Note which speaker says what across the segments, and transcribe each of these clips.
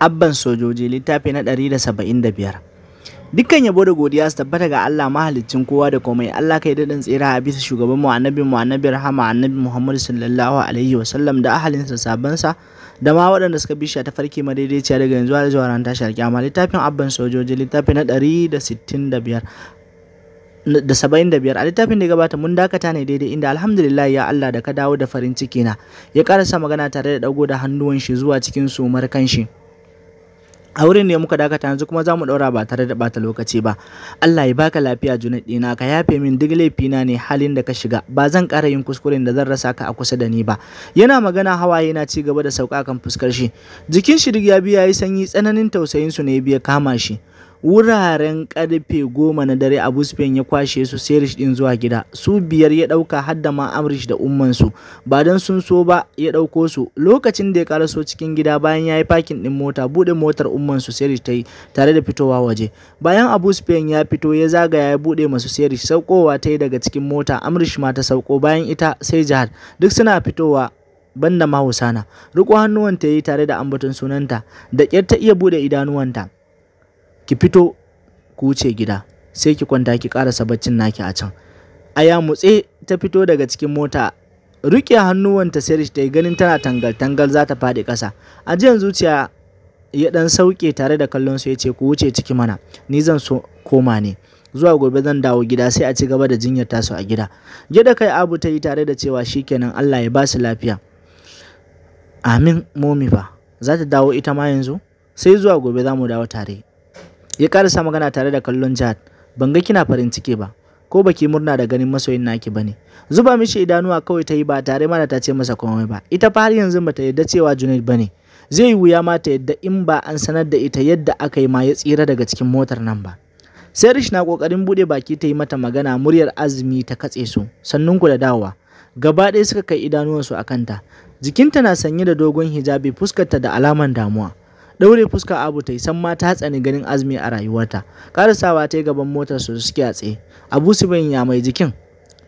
Speaker 1: Abban Sojoji littafi na 175. Dukkan yabo da godiya su tabbata ga Allah mahalicin kowa da komai Allah kai daɗin tsira a bisa shugaban mu annabi mu annabi rahama annabi Muhammad sallallahu alaihi sallam, da ahalinsa sabansa da ma waɗanda suka bi ta farki madaidaiciya daga yanzu har zuwa ran tashar kyama littafin Abban Sojoji littafi na 165 da saba'in da biyar a littafin da gabata mun dakata ne daidai inda alhamdulillah ya Allah da ka dawo da farin ciki na ya karasa magana tare da dago da hannuwan shi zuwa cikin sumar kanshi a wurin ne muka dakata yanzu kuma za mu ɗaura ba tare da bata lokaci ba Allah ya baka lafiya junaid ɗina ka yafe min duk laifina ne halin da ka shiga ba zan ƙara yin kuskuren da zan rasa ka a kusa da ni ba yana magana hawaye yana ci gaba da sauka kan fuskar shi jikin shi duk ya biya yi sanyi tsananin tausayin su ne ya biya kama shi Wuraren karfe goma na dare a Sufyan ya kwashe su Sirish din zuwa gida. Su biyar ya dauka har da ma Amrish da su Ba dan sun so ba ya ɗauko su. Lokacin da ya karaso cikin gida bayan yayi yi fakin ɗin mota bude motar umman Sirish ta yi tare da fitowa waje. Bayan Abu ya fito ya zagaya ya buɗe masu Sirish saukowa ta daga cikin mota Amrish ma ta sauko bayan ita sai Jihad. Duk suna fitowa banda ma Husana. hannuwan hannuwanta ya yi tare da ambaton sunanta da ƙyar ta iya buɗe idanuwanta. ki fito ku wuce gida sai ki kwanta ki karasa baccin naki a can aya mutse, ta fito daga cikin mota riƙe hannuwanta sai ta yi ganin tana tangal-tangal za ta faɗi a jiyan zuciya ya ɗan sauke tare da kallon su ya ce ku wuce ciki mana ni zan so koma ne zuwa gobe zan dawo gida sai a ci gaba da jinyar tasu a gida gida kai abu ta yi tare da cewa shikenan allah ya ba su lafiya amin momi fa za ta dawo ita ma yanzu sai zuwa gobe za mu dawo tare Ya karasa magana tare da kallon Jihad. Ban ga kina farin ciki ba. Ko baki murna da ganin masoyin naki bane. Zuba mishi idanuwa kawai ta yi ba tare mana ta ce masa komai ba. Ita fa har yanzu bata yarda cewa Junaid bane. Zai wuya ma ta yadda in ba an sanar da ita yadda aka yi ma ya tsira daga cikin motar nan ba. sai rish na kokarin bude baki ta yi mata magana muryar azumi ta katse su sannun ku da dawowa gaba ɗaya suka kai idanuwansu a kanta jikinta na sanye da dogon hijabi fuskarta da alaman damuwa daure fuska Abu ta yi san ma ta tsani ganin Azumi a rayuwarta. Karasawa ta yi gaban motar su suke a tsaye. Abu Subin ya mai jikin.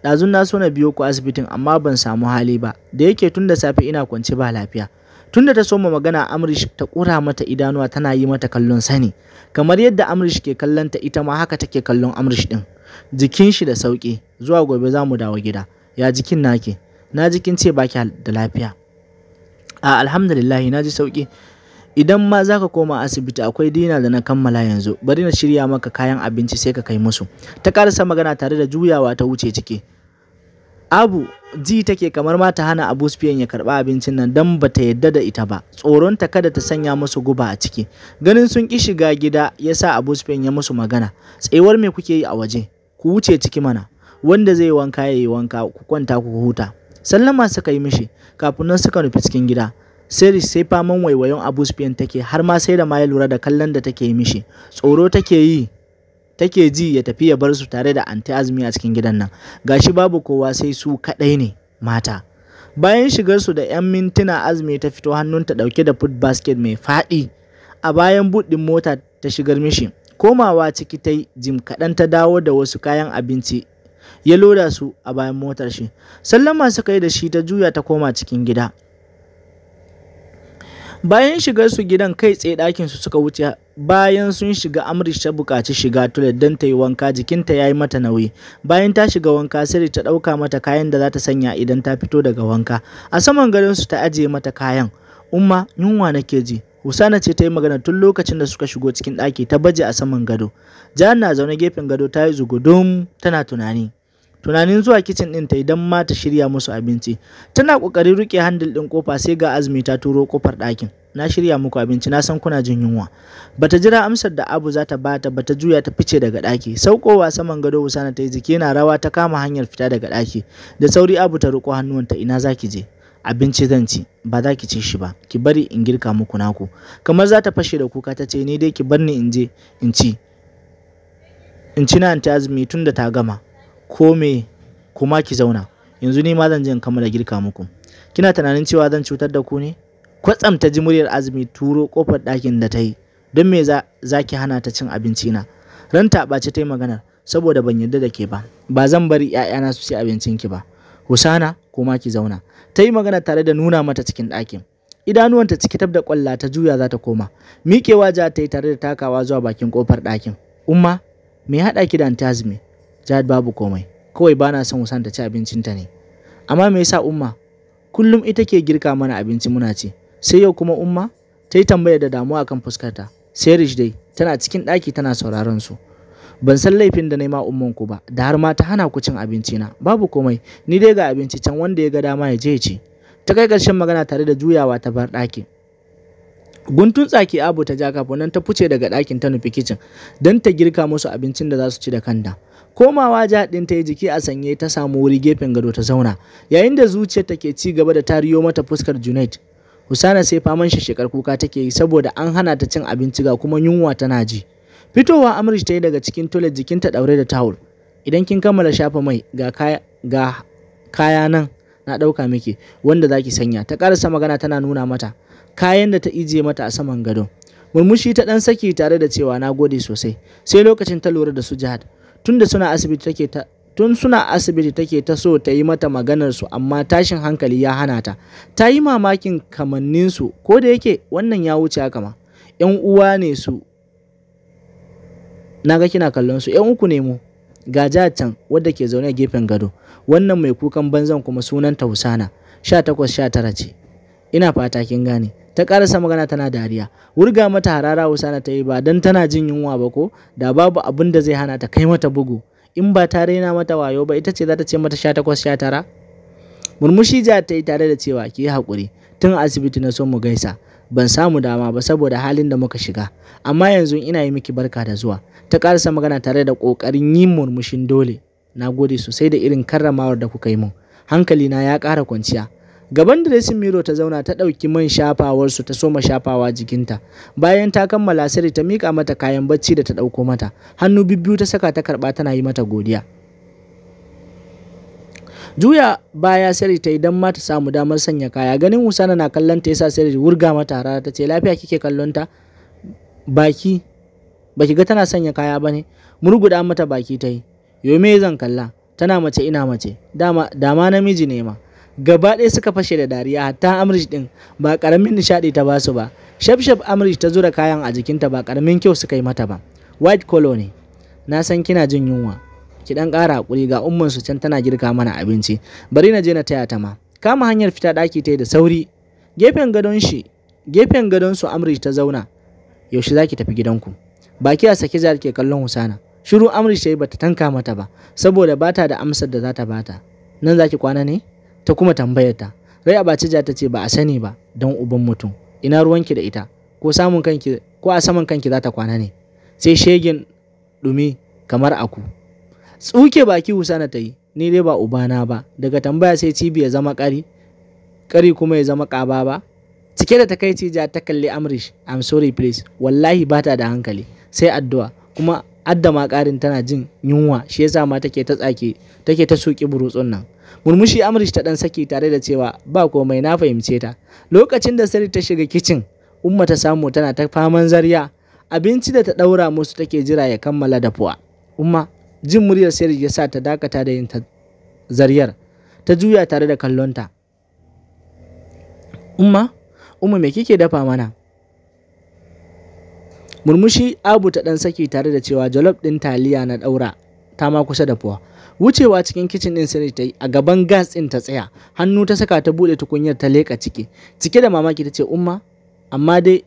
Speaker 1: Ɗazun na so na biyo ku asibitin amma ban samu hali ba. Da yake tun da safe ina kwance ba lafiya. Tun da ta soma magana Amrish ta ƙura mata idanuwa tana yi mata kallon sani. Kamar yadda Amrish ke kallon ta ita ma haka take kallon Amrish ɗin. Jikin shi da sauƙi. Zuwa gobe za mu dawo gida. Ya jikin nake. Na jikin ce baki da lafiya. A alhamdulillah na ji sauƙi. Idan ma za ka koma asibiti akwai dina da na kammala yanzu, bari na shirya maka kayan abinci sai ka kai musu. Ta karasa magana tare da juyawa ta wuce ciki. Abu ji take kamar ma ta hana Abu Sufyan ya karba abincin nan don ba ta yadda da ita ba, Tsoron ta kada ta sanya musu guba a ciki. Ganin sun ki shiga gida ya sa Abu ya musu magana, tsayuwar me kuke yi a waje, ku wuce ciki mana, wanda zai wanka ya yi wanka ku kwanta ku huta. Sallama suka yi mishi, kafin nan suka nufi cikin gida. seris sai faman waiwayon Abu Sufyan take har ma sai da ma lura da kallon da take yi mishi. Tsoro take yi take ji ya tafi ya bar su tare da anti azumi a cikin gidan nan. Gashi babu kowa sai su kadai ne mata. Bayan shigar su da 'yan mintuna azumi ta fito hannunta ɗauke da food basket mai faɗi a bayan buɗin mota ta shigar mishi. Komawa ciki ta jim kaɗan ta dawo da wasu kayan abinci ya loda su a bayan motar shi. Sallama suka yi da shi ta juya ta koma cikin gida. Bayan shigar su gidan kai tsaye su suka wuce bayan sun shiga Amrish ta buƙaci shiga tulet don ta yi wanka jikinta ya yi mata nauyi. Bayan ta shiga wanka Sirri ta ɗauka mata kayan da za ta sanya idan ta fito daga wanka. A saman su ta ajiye mata kayan. Umma yunwa nake ji. Husana ce ta yi magana tun lokacin da suka shigo cikin ɗaki ta baje a saman gado. Jihar na zaune gefen gado ta yi zugudum tana tunani. tunanin zuwa kicin ɗin ta idan ma ta shirya musu abinci. Tana ƙoƙarin rike handil ɗin ƙofa sai ga Azumi ta turo ƙofar ɗakin. Na shirya muku abinci na san kuna jin yunwa. Bata jira amsar da Abu za ta bata bata juya ta fice daga ɗaki. Saukowa saman gado Husana ta yi jiki na rawa ta kama hanyar fita daga ɗaki. Da sauri Abu ta riƙo hannuwanta ina za ki je. abinci zan ci ba za ki ci shi ba ki bari in girka muku naku kamar za ta fashe da kuka ta ce ni dai ki bar ni in je in ci in ci na ta azumi tun da ta gama ko me kuma ki zauna, yanzu ni ma zan je in kammala girka muku. Kina tunanin cewa zan cutar da ku ne? Kwatsam ta ji muryar Azumi turo kofar ɗakin da ta yi, don me za ki hana ta cin abinci na? Ranta ta ɓace ta yi maganar, saboda ban yarda da ke ba, ba zan bari ‘ya'yana su ci abincin ki ba. Husana, kuma ki zauna. Ta yi magana tare da nuna mata cikin ɗakin. Idanuwanta cike tab da kwalla ta juya za ta koma. Miƙewa ja ta yi tare da takawa zuwa bakin kofar ɗakin. Umma, me haɗa ki da Antazmi? Jihad babu komai, kawai bana na son Wusan ta ci abincinta ne. Amma me yasa Umma? Kullum ita ke girka mana abinci muna ci, sai yau kuma Umma? Ta yi tambaya da damuwa akan fuskarta. Sai Rish dai, tana cikin ɗaki tana sauraron su. Ban san laifin da na umman ku ba, da har ma ta hana ku cin abinci na. Babu komai, ni dai ga abinci can wanda ya ga dama ya je ya ci. Ta kai ƙarshen magana tare da juyawa ta bar ɗakin. guntun tsaki abu ta ja nan ta fice daga ɗakin ta nufi kicin don ta girka musu abincin da za su ci da kanta komawa ɗin ta yi jiki a sanye ta samu wuri gefen gado ta zauna yayin da zuciyar ke ci gaba da tariyo mata fuskar junaid husana sai faman shekar kuka take yi saboda an hana ta cin abinci ga kuma yunwa tana ji fitowa amrish ta yi daga cikin toilet jikinta ɗaure da tawul idan kin kammala shafa mai ga kaya, ga kaya nan na ɗauka miki wanda zaki sanya ta ƙarasa magana tana nuna mata kayan da ta ijiye mata a saman gado murmushi ta ɗan saki tare da cewa na gode sosai sai lokacin ta lura da su jihad tun suna asibiti take ta tun suna asibiti take ta so ta yi mata maganar su amma tashin hankali ya hana ta ta yi mamakin kamannin su ko da yake wannan ya wuce haka ma yan uwa ne su naga kina kallon su yan uku ne mu ga ja can wadda ke zaune a gefen gado wannan mai kukan banzan kuma sunanta husana sha takwas sha tara ce ina fata kin gane ta karasa magana tana dariya wurga mata harara husana ta yi ba don tana jin yunwa ba ko da babu abin da zai hana ta kai mata bugu in ba ta raina mata wayo ba ita ce za ta ce mata sha takwas sha tara murmushi ja ta yi tare da cewa ki yi haƙuri tun asibiti na so mu gaisa ban samu dama ba saboda halin da muka shiga amma yanzu ina yi miki barka da zuwa ta ƙarasa magana tare da ƙoƙarin yin murmushin dole na gode sosai da irin karramawar da kuka yi min na ya kara kwanciya gaban da ya miro ta zauna ta ɗauki man shafawarsu ta soma shafawa jikinta bayan ta kammala sirri ta miƙa mata kayan bacci da ta ɗauko mata hannu bibbiyu ta saka ta karɓa tana yi mata godiya juya baya sirri ta idan ma ta samu damar sanya kaya ganin usana na kallon ta yasa sirri wurga mata rara ta ce lafiya kike kallon ta baki Ba ki ga tana sanya kaya ba ne murguda mata baki ta yi yo me zan kalla tana mace ina mace dama dama namiji ne ma gaba ɗaya suka fashe da dariya hatta amrish din ba karamin nishaɗi ta basu ba shafshaf amrish ta zura kayan a jikinta ba karamin kyau suka yi mata ba white color ne na san kina jin yunwa ki dan ƙara hakuri ga umman su can tana girka mana abinci bari na je na taya ta ma kama hanyar fita daki ta da sauri gefen gadon shi gefen gadon su amrish ta zauna yaushe zaki tafi gidanku baki a sake jihar ke kallon husana shiru amri ce bata tanka mata ba saboda bata da amsar da za ta bata nan zaki kwana ne ta kuma tambayar ta rai a baci ta ce ba a sani ba don uban mutum ina ruwanki da ita ko samun kanki ko a saman kanki za ta kwana ne sai shegin dumi kamar aku tsuke baki husana ta yi ni dai ba ubana ba daga tambaya sai cibi ya zama kari kari kuma ya zama ƙaba ba cike da takaici ja ta kalli amrish i'm sorry please wallahi bata da hankali sai addu'a kuma adda ma ƙarin tana jin yunwa shi yasa ma take ta tsake take ta soki burutsun nan murmushi amrish ta dan saki tare da cewa ba komai na fahimce ta lokacin da sari ta shiga kicin umma ta samu tana ta faman zarya abinci da ta daura musu take jira ya kammala dafuwa umma jin muryar sari ya sa ta dakata da yin zaryar ta juya tare da kallonta umma umma me kike dafa mana murmushi abu ta ɗan saki tare da cewa jalof ɗin taliya na ɗaura ta ma kusa da fuwa wucewa cikin kicin din sai ta yi a gaban gas ɗin ta tsaya hannu ta saka ta buɗe tukunyar ta leka ciki cike da mamaki ta ce umma amma dai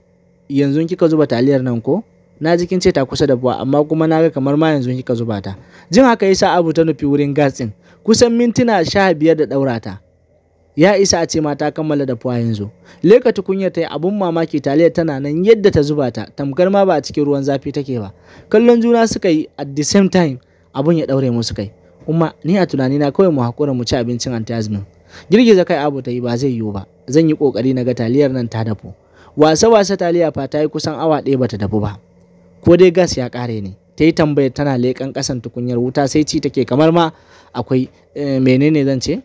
Speaker 1: yanzu kika zuba taliyar nan ko na ji kin ce ta kusa da buwa amma kuma na ga kamar ma yanzu kika zuba ta jin haka yasa abu ta nufi wurin gas din kusan mintuna sha biyar da ɗaurata. ta ya isa a ce ma ta kammala dafuwa yanzu leka tukunyar ta yi abun mamaki taliyar tana nan yadda ta zuba ta tamkar ma ba a cikin ruwan zafi take ba kallon juna suka yi at the same time abun ya daure musu kai kuma ni a tunani na kawai mu hakura mu ci abincin antiazmin girgiza kai abu ta yi ba zai yiwu ba zan yi kokari na ga taliyar nan ta dafu wasa wasa taliya fa ta yi kusan awa ɗaya bata dafu ba ko dai gas ya kare ne ta yi tambayar tana leƙen ƙasan tukunyar wuta sai ci take kamar ma akwai eh, menene zan ce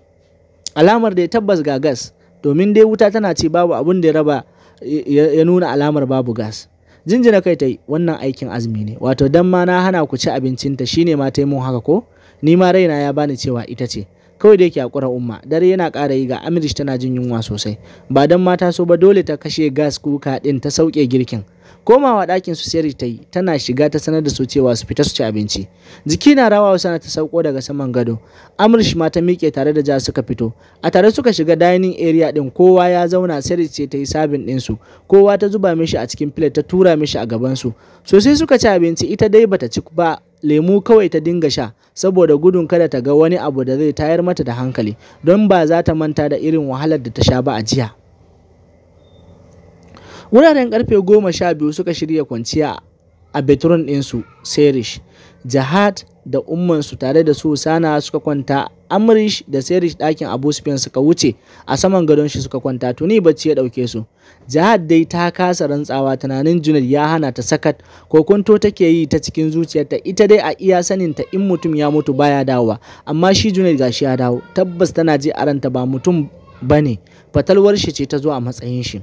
Speaker 1: alamar da ya tabbas ga gas domin dai wuta tana ce babu abin da ya raba ya nuna alamar babu gas jinjina kai ta yi wannan aikin azumi ne wato dan ma na hana ku ci abincinta shine ma ta yi mun haka ko ni ma raina ya bani cewa ita ce kawai da yake hakura umma dare yana ƙara yi ga amirish tana jin yunwa sosai ba don mata so ba dole ta kashe gas kuka din ta sauke girkin komawa ɗakin su sayar ta yi tana shiga ta sanar da su cewa su fita su ci abinci jiki na rawa sana ta sauko daga saman gado amrish ma ta miƙe tare da ja suka fito a tare suka shiga dining area din kowa ya zauna sayar ce ta yi sabin din su kowa ta zuba mishi a cikin plate ta tura mishi a gaban su sosai suka ci abinci ita dai bata ci ba lemu kawai ta dinga sha saboda gudun kada ta ga wani abu da zai tayar mata da hankali don ba za ta manta da irin wahalar da ta sha ba a jiya wuraren karfe goma sha biyu suka shirya kwanciya a betron ɗinsu serish jihad da ummansu tare da su sana suka kwanta amrish da serish ɗakin abu sufyan suka wuce a saman gadon shi suka kwanta tuni bacci ya ɗauke su jihad dai ta kasa rantsawa tunanin junar ya hana ta sakat kokonto take yi ta cikin zuciyarta ita dai a iya sanin ta in mutum ya mutu baya dawowa amma shi junaid gashi ya dawo tabbas tana ji aranta ba mutum bane fatalwar shi ce ta zo a matsayin shi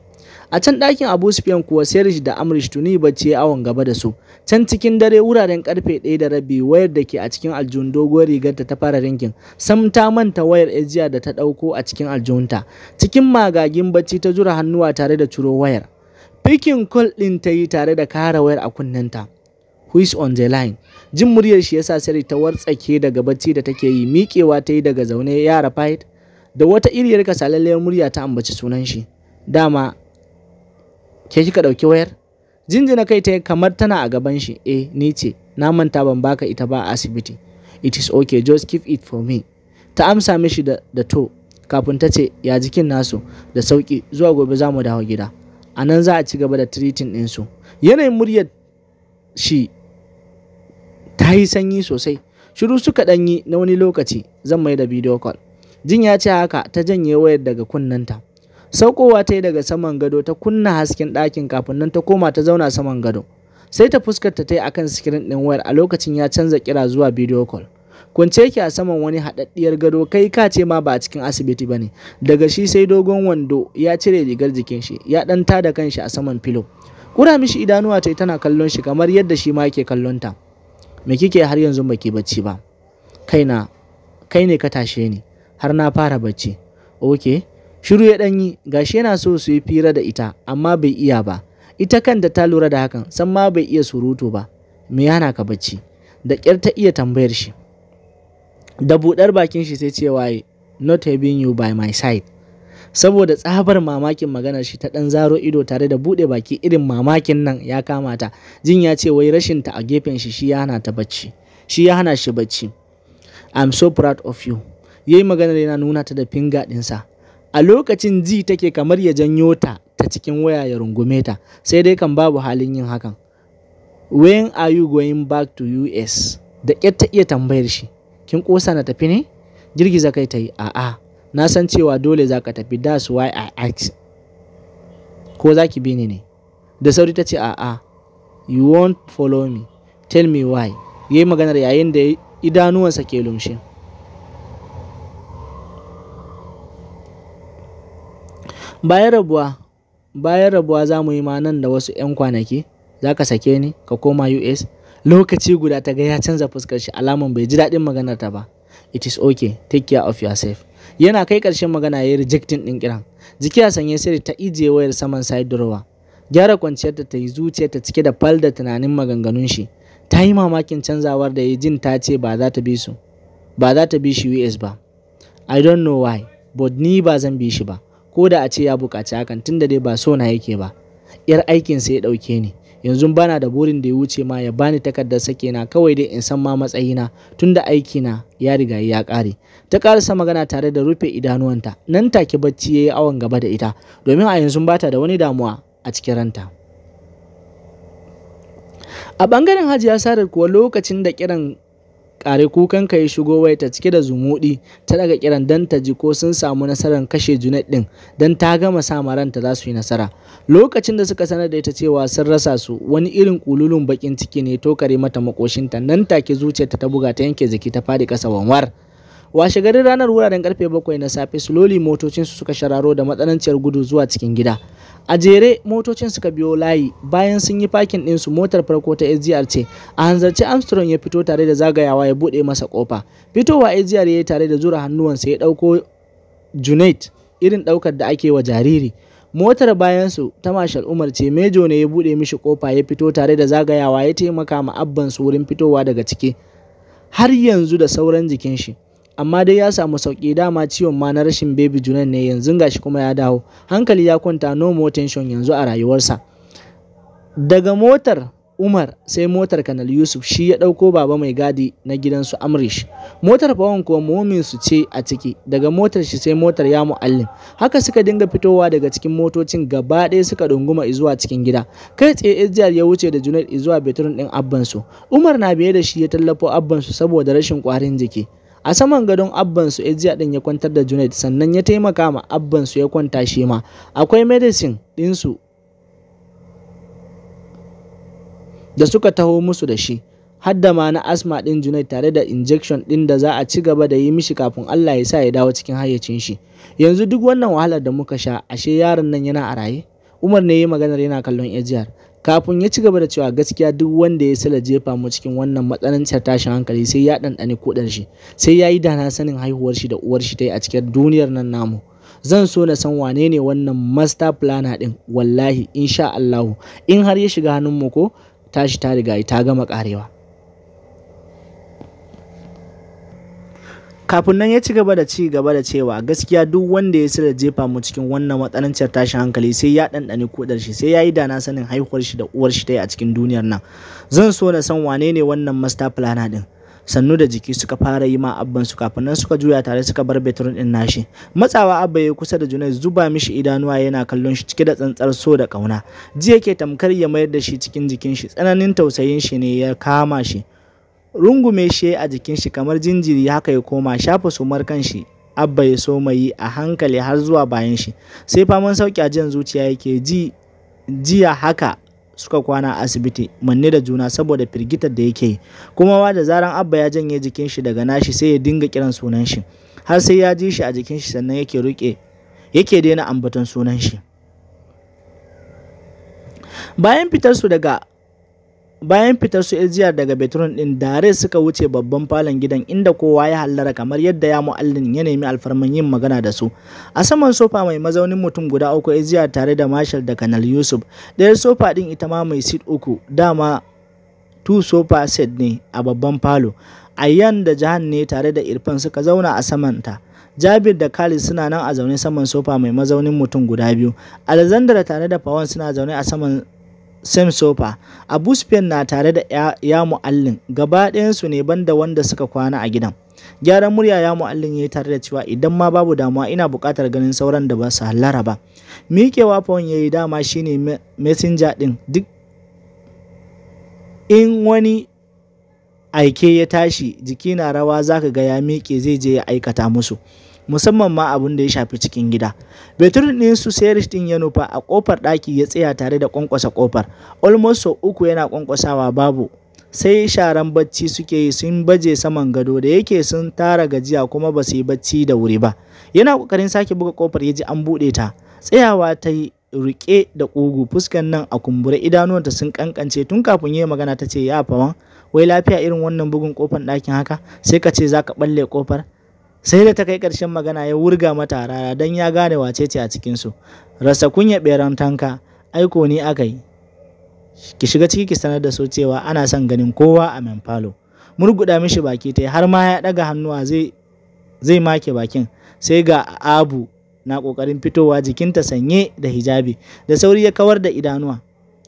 Speaker 1: a can ɗakin abu sufiyan kuwa serge da amrish tuni bacci ya awon gaba da su can cikin dare wuraren karfe ɗaya da rabi wayar da ke a cikin aljihun doguwar rigar ta fara rinkin sam ta manta wayar ajiya da ta ɗauko a cikin aljihunta cikin magagin bacci ta jura hannuwa tare da ciro wayar pikin kol ɗin ta yi tare da kara wayar a kunnenta who is on the line jin muryar shi yasa sari ta wartsake daga bacci da take yi miƙewa ta yi daga zaune yara fight da wata iriyar kasalalliyar murya ta ambaci sunan shi dama ke ka ɗauki wayar jinjina kai ta kamar tana a gaban shi eh ni ce na manta ban baka ita ba a asibiti it is okay just keep it for me ta amsa mishi da, to kafin ta ce ya jikin nasu da sauki zuwa gobe za mu dawo gida a nan za a ci gaba da treating ɗinsu yanayin muryar shi ta yi sanyi sosai shiru suka ɗanyi na wani lokaci zan mai da bidiyo call jin ya ce haka ta janye wayar daga kunnanta saukowa ta yi daga saman gado ta kunna hasken ɗakin kafin nan ta koma ta zauna saman gado sai ta fuskarta ta yi akan sikirin ɗin wayar a lokacin ya canza kira zuwa bidiyo call kwance ki a saman wani haɗaɗɗiyar gado kai ka ce ma ba a cikin asibiti ba ne daga shi sai dogon wando ya cire rigar jikin shi ya ɗan da kanshi a saman filo kura mishi idanuwa ta yi tana kallon shi kamar yadda shi ma yake kallon ta me kike har yanzu ke bacci ba na kai ne ka tashe ni har na fara bacci okay Shiru ya ɗanyi gashi yana so su yi fira da ita amma bai iya ba. Ita kanta ta lura da hakan san ma bai iya surutu ba. Me yana ka bacci? Da kyar ta iya tambayar shi. Da buɗar bakin shi sai ce waye not having you by my side. Saboda tsabar mamakin maganar shi ta ɗan zaro ido tare da buɗe baki irin mamakin nan ya kamata, Jin ya ce wai rashin ta a gefen shi shi ya hana ta bacci. Shi ya hana shi bacci. I'm so proud of you. Yayi maganar yana nuna ta da finger ɗinsa. a lokacin ji take kamar ya janyo ta ta cikin waya ya rungume ta sai dai kan babu halin yin hakan when are you going back to us da ƙyar ta iya tambayar shi kin ƙosa na tafi ne girgiza kai ta yi a'a na san cewa dole za ka tafi that's why i ask ko za ki bini ne da sauri ta ce a'a you won't follow me tell me why yayi maganar yayin da idanuwansa ke lumshin Bayan rabuwa, bayan rabuwa za mu yi ma nan da wasu 'yan kwanaki, za ka sake ni ka koma US. Lokaci guda ta ga ya canza fuskar shi alaman bai ji daɗin maganar ta ba. It is okay, take care of yourself. Yana kai ƙarshen magana ya yi rejecting ɗin kiran. Jiki a sanye sai ta ijiye wayar saman side drawer. Gyara kwanciyar ta ta yi zuciyar ta cike da fal da tunanin maganganun shi. Ta yi mamakin canzawar da ya jin ta ce ba za ta bi su. Ba za ta bi shi US ba. I don't know why, but ni ba zan bi shi ba. ko da a ce ya buƙaci hakan tunda dai ba so na yake ba yar aikin sai ya ɗauke ni yanzu bana da burin da ya wuce ma ya bani takardar sake na kawai dai in san ma matsayina tunda aiki na ya riga ya ƙare ta karasa magana tare da rufe idanuwanta nan take bacci yayi awon gaba da ita domin a yanzu bata da wani damuwa a cikin ranta a bangaren hajiya sarar kuwa lokacin da kiran ƙare kukanka ya shigo wai ta cike da zumuɗi ta daga kiran dan ta ji ko sun samu nasarar kashe junet ɗin don ta gama sa maranta za su yi nasara lokacin da suka sanar da ita cewa sun rasa su wani irin kululun bakin ciki ne to kare mata makoshinta nan take zuciyarta ta buga ta yanke jiki ta faɗi ƙasa wanwar washe garin ranar wuraren karfe bakwai na safe slowly motocin su suka shararo da matsananciyar gudu zuwa cikin gida a jere motocin suka biyo layi bayan sun yi fakin ɗinsu motar farko ta sgr ce a hanzarci armstrong ya fito tare da zagayawa ya buɗe masa kofa fitowa sgr ya yi tare da zura hannuwansa ya ɗauko junaid irin ɗaukar da ake wa jariri motar bayan su ta Marshal umar ce mejo ne ya buɗe mishi kofa ya fito tare da zagayawa ya taimaka ma abban su wurin fitowa daga ciki har yanzu da sauran jikin shi amma dai ya samu sauki dama ciwon ma na rashin baby junan ne yanzu gashi kuma ya dawo hankali ya kwanta no more tension yanzu a rayuwarsa daga motar Umar sai motar Kanal Yusuf shi ya dauko baba mai gadi na gidansu Amrish. Motar Pawan kuwa momin su ce a ciki, daga motar shi sai motar ya mu'allim. Haka suka dinga fitowa daga cikin motocin gaba ɗaya suka dunguma izuwa cikin gida. Kai tsaye Ezjiyar ya wuce da Junaid zuwa betrun ɗin abbansu. Umar na biye da shi ya tallafo abban su saboda rashin kwarin jiki. a saman gadon abbansu ejiya din ya kwantar da junaid sannan ya taimaka ma abbansu ya kwanta shi ma akwai medicine ɗinsu da suka taho musu da shi har ma na asma ɗin junaid tare da injection ɗin da za a ci gaba da yi mishi kafin allah ya sa ya dawo cikin hayyacin shi yanzu duk wannan wahalar da muka sha ashe yaron nan yana a raye umar ne ya maganar yana kallon ejiyar kafin ya ci gaba da cewa gaskiya duk wanda ya sala jefa mu cikin wannan matsananciyar tashin hankali sai ya ɗanɗani kuɗin shi sai ya yi dana sanin haihuwar shi da uwar shi ta yi a cikin duniyar nan namu zan so na san wane ne wannan master planner ɗin wallahi insha Allahu in har ya shiga hannun mu ko tashi ta riga ta gama karewa kafin nan ya ci gaba da ci gaba da cewa gaskiya duk wanda ya da jefa mu cikin wannan matsananciyar tashin hankali sai ya ɗanɗani kudar shi sai ya yi dana sanin haihuwar shi da uwar shi ta yi a cikin duniyar nan zan so na san wane ne wannan master plana din sannu da jiki suka fara yi ma abban su kafin nan suka juya tare suka bar betrun din nashi matsawa abba ya kusa da junai zuba mishi idanuwa yana kallon shi cike da tsantsar so da kauna ji yake tamkar ya mayar da shi cikin jikin shi tsananin tausayin shi ne ya kama shi rungume shi a jikin shi kamar jinjiri haka ya koma shafa sumar kanshi abba ya so mai a hankali har zuwa bayan shi sai faman sauki a jan zuciya yake ji jiya haka suka kwana a asibiti manne da juna saboda firgitar da yake kuma wa da zaran abba ya janye jikin shi daga nashi sai ya dinga kiran sunan shi har sai ya ji shi a jikin shi sannan yake ruke yake daina ambaton sunan shi bayan fitar su daga Bayan fitar su Ilziya daga betron ɗin dare suka wuce babban falon gidan inda kowa ya hallara kamar yadda ya mu'allin ya nemi alfarman yin magana da su. A saman sofa mai mazaunin mutum guda uku Ilziya tare da Marshal da Kanal Yusuf. Ɗayar sofa ɗin ita ma mai sit uku dama two sofa set ne a babban falo. Ayyan da Jahan ne tare da Irfan suka zauna a samanta. Jabir da Khalid suna nan a zaune saman sofa mai mazaunin mutum guda biyu. Alexandra tare da Pawan suna zaune a saman Sam Sofa. Abu Sufyan na tare da ya, ya mu'allin gaba ɗayansu ne banda wanda suka kwana a gidan. Gyaran murya ya mu'allin ya yi tare da cewa idan ma babu damuwa ina bukatar ganin sauran da ba su hallara ba. Miƙewa fawon ya yi dama shine ne messenger ɗin duk in wani aike ya tashi jiki na rawa zaka ga ya miƙe zai je ya aikata musu. musamman ma abin da ya shafi cikin gida. Bedroom ɗin su ɗin ya nufa a ƙofar ɗaki ya tsaya tare da ƙwanƙwasa ƙofar. Almost sau uku yana ƙwanƙwasawa babu. Sai sharan bacci suke yi sun baje saman gado da yake sun tara gajiya kuma ba su yi bacci da wuri ba. Yana ƙoƙarin sake buga ƙofar ya ji an buɗe ta. Tsayawa ta yi riƙe da ƙugu fuskan nan a kumbure idanuwanta sun ƙanƙance tun kafin yi magana ta ce ya fawan wai lafiya irin wannan bugun ƙofar ɗakin haka sai ka ce za ka ɓalle kofar sai da ta kai ƙarshen magana ya wurga mata rara don ya gane wace ce a cikinsu rasa kunya ɓeran tanka aiko ni aka yi ki shiga ciki ki sanar da su cewa ana son ganin kowa a falo. murguda mishi baki ta har ma ya ɗaga hannuwa zai make bakin sai ga abu na ƙoƙarin fitowa jikinta sanye da hijabi da sauri ya kawar da idanuwa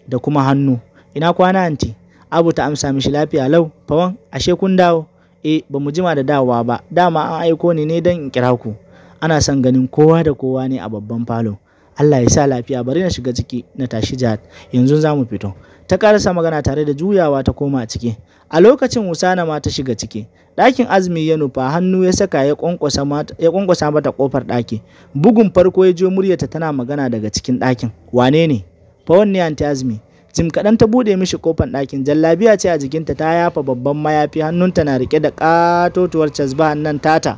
Speaker 1: da kuma hannu ina kwana anti abu ta amsa mishi lafiya lau fawan ashe kun dawo eh ba mu jima da dawowa ba dama an aiko ni ne don in kira ku ana son ganin kowa da kowa ne a babban falo Allah ya sa lafiya bari na shiga ciki na tashi jihar yanzu za mu fito ta karasa magana tare da juyawa ta koma ciki a lokacin usana ma ta shiga ciki ɗakin azumi ya nufa hannu ya saka ya kwankwasa mata kofar ɗaki bugun farko ya je muryarta tana magana daga cikin ɗakin wane ne fa wanne anti azumi jim kaɗan ta buɗe mishi kofan ɗakin jallabiya ce a jikinta ta yafa babban mayafi hannunta na rike da ƙatotuwar casbahar nan tata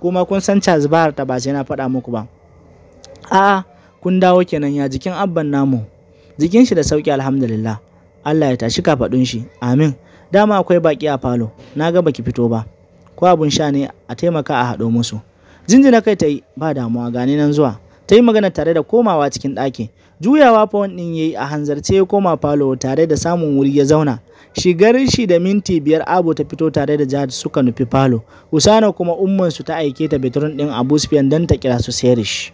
Speaker 1: kuma kun san casbahar ta ba na faɗa muku ba a'a kun dawo kenan ya jikin abban namu jikin shi da sauki alhamdulillah Allah ya tashi kafaɗun shi amin dama akwai baki a falo na ga baki fito ba ko abun sha ne a taimaka a haɗo musu jinjina kai ta yi ba damuwa gane nan zuwa ta yi magana tare da komawa cikin ɗaki juyawa fawon din yayi a hanzarce ya koma falo tare da samun wuri ya zauna shigar shi da minti biyar abu ta fito tare da jihar suka nufi falo usana kuma umman su ta aike ta bitrun din abu sufiyan dan ta kira su serish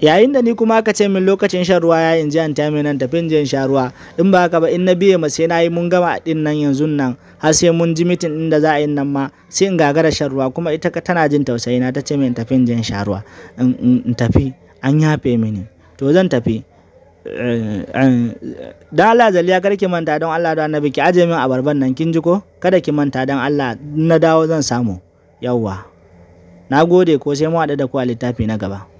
Speaker 1: yayin da ni kuma aka ce min lokacin shan ruwa ya in ji an tami nan tafin jin sha ruwa in ba haka ba in na biye ma sai na yi mun gama din nan yanzu nan har sai mun ji mitin din da za a yi nan ma sai in gagara shan ruwa kuma ita tana jin tausayi na ta ce min tafin jin sha ruwa in tafi an yafe mini to zan tafi eh, eh, da Allah zaliya kar ki manta don Allah da annabi ki aje min abarban nan kin ji ko kada ki manta don Allah na dawo zan samu yawwa na gode ko sai mu haɗu da ku a littafi na gaba